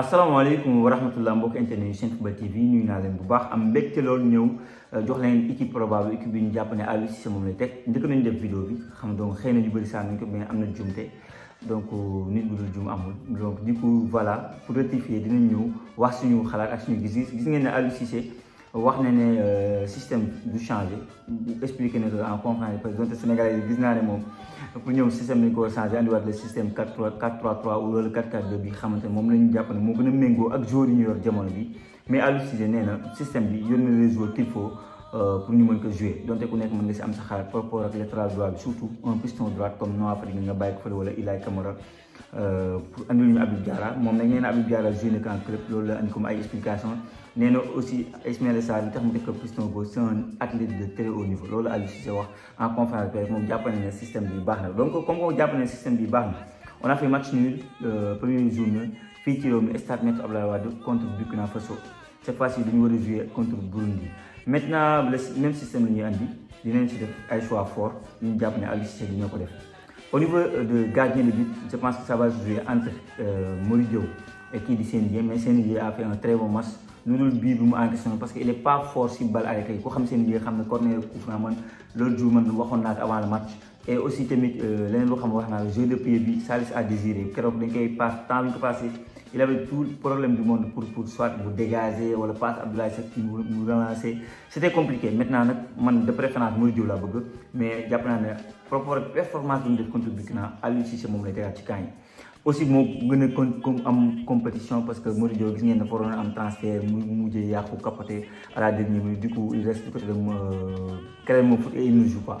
asalaamaaleykum wa rahmatullah mbokk internet yu Senfootball TV nuyu naa leen bu baax am mbégte loolu ñëw euh, jox leen équipe probable équipe bi ñu jàpp ne Aliou Cissé moom la teg njëkk nañu def vidéo bi xam donc xëy na ñu saa nañ ko mais am na jumte donc euh, nit bu dul jum amul donc du coup voilà pour rectifier dinañ ñëw wax suñu xalaat ak suñu gis-gis gis ngeen ne Aliou Cissé wax na ne euh, système du changé expliqué na en conférence parce que donte Sénégalais yi gis naa ne moom pour ñoom système lañ ko changé andiwaat le système 4 4 3 ou le 4 4 bi xamante moom la ñu jàpp ne moo gën a méngoo ak joueurs yi ñu yor jamono bi mais Aliou Cissé nee système bi yor na les joueurs Euh, pour ñu mën ko jouer donte ku nekk mën nga si am sa xalaat par rapport ak latéral droit surtout un piston droite comme Noah Fadiga nga bàyyi ko fële wala Ilaay Camara euh, pour andil ñu Habib Diarra moom nag nee na kan club loolu la andi comme explication nee aussi Ismaïla Sarr li tax mu def ko piston gauche c'est un athlète de très haut niveau loolu Aliou Cissé wax en conférence presse moom jàpp na système bi baax donc comme comme jàpp na système bi baax na on a fait match nul euh, premier journée fii ci réew mi stade Maître Abdoulaye Wade contre Burkina Faso cette fois-ci dañu war jouer contre Burundi maintenant le même système la nous avons choix au niveau euh, de gardien de but je pense que ça va jouer entre euh, et qui mais a fait un très bon match Nous ne bi en parce qu'il n'est pas fort si balle avec lui. xam xam corner coup avant le match et aussi tamit euh, leneen lo xam wax na jeu de pied bi Salis a désiré kérok dañ koy passe temps bi passé il avait tout le problème du monde pour pour soit vous dégager wala passe Abdoulaye Seck mu relancer c'était compliqué maintenant nak man de préférence Mory la bëgg mais jàpp naa ne propre performance bi ñu def contre c'est Aliou Cissé moom lay ci camp yi aussi mo gëna am compétition parce que Mory gis ngeen ne waroon am transfert mu mujjee yàqu capoté à la dernière minute du coup il reste côté de euh, crème foot et il ne joue pas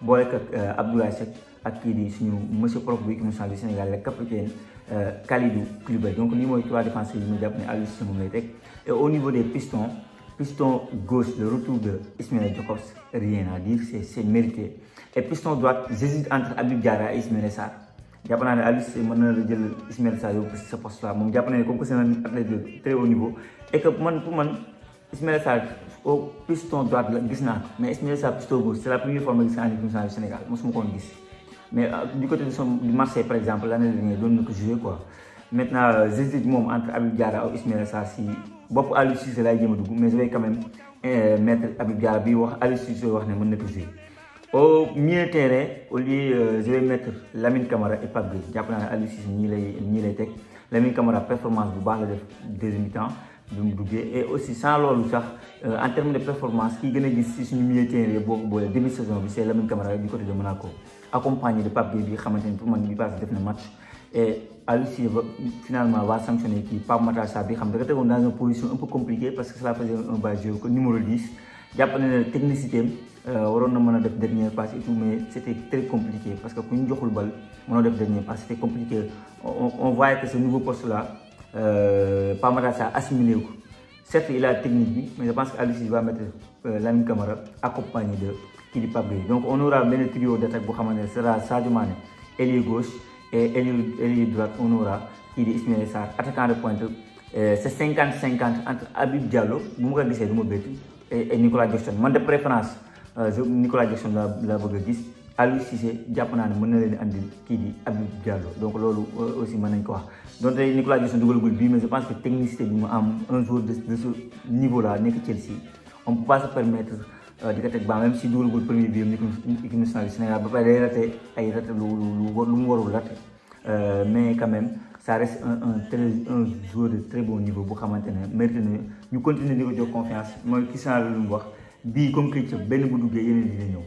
boole ak euh, Abdoulaye ak kii di suñu monsieur le capitaine euh, Kalidou donc trois défenseurs et au niveau des pistons piston gauche le retour de Ismaël Jacobs. rien à dire c'est mérité et piston droite j'hésite entre Abib et Ismaël Sarr Sarr là que très haut niveau et Ismaël Sarr au piston droite la gis naa mais Ismaël Sarr piston gauche c'est la première fois ma gis Henry Gomes au Sénégal moi ko me gis mais euh, du côté de son du Marseille par exemple l'année dernière doon na ko joué quoi maintenant euh, j'hésite moom entre Habib Diarra ou Ismaël Sarr si pour Aliou c'est la jéem a dugg mais je vais quand même euh, mettre Habib Diarra bi wax Aliou Cissé wax ne mën na ko au milieu terrain au lieu je vais mettre Lamine Camara et Pape Gueye jàpp naa ne ni les ñii lay ñii lay Lamine Camara performance bu baax des def deuxième mi-temps bi mu duggee et aussi sans loolu sax euh, en termes de performance qui gën a gis si suñu milieu terrain la demi saison bi c'est Lamine Camara du côté de Monaco accompagné de Pape Gueye bi xamante pour man bi passé def na match et Aliou finalement va sanctionner kii Pape Matar Sarr bi xam da nga tegoon dans une position un peu compliquée parce que cela faisait un bas jeu numéro 10 jàpp na ne technicité euh, waroon na mën a def dernière passe et tout mais c'était très compliqué parce que ku ñu joxul bal mënoo def dernière passe c'était compliqué on voit que ce nouveau poste là Euh, Pape Matar Sarr assimilé ko certes technique bi mais je pense que Aliou Cissé va mettre euh, Lamine Camara accompagné de kii di Pape Gueye donc on aura benn trio d'attaque bu xamante ne sera Sadio Mané ailier gauche et ailier ailier droite on aura kii di Ismaïla Sarr attaquant de pointe euh, c'est cinquante cinquante entre Habib Diallo bu ma ko gisee du ma bett et Nicolas Jackson man de préférence Nicolas Jackson la la bëgg a gis. Aliou Cissé jàpp naa ne mën na leen andil kii di Abdou Diallo donc loolu euh, aussi mën nañ ko wax donte Nicolas Jackson dugalagul bii mais je pense que technicité bi mu am un jour de de ce niveau là nekk Chelsea on peut pas se permettre euh, di ko teg ba même si dugalagul premier bi am équipe nationale du Sénégal ba pare day raté ay raté lu lu lu mu warul raté euh, mais quand même ça reste un un très un joueur de très bon niveau bu xamante ne mérite na ñu continuer di ko jox confiance mooy Christian la lu mu wax bii comme que benn bu duggee yeneen dina ñëw.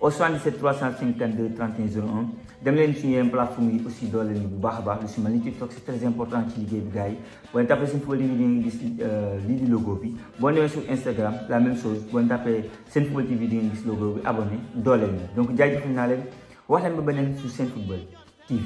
au 77 352 3101, demain dem leen suñu yeneen plateforme aussi doole leen bu baax a baax c'est très important ci liggéey bi gars yi boo sur football TV euh, di le gis logo bi boo sur Instagram la même chose Bon ñu tapee football TV di le logo bi abonné doole donc jaajëfal naa leen wax leen ba beneen sur football TV.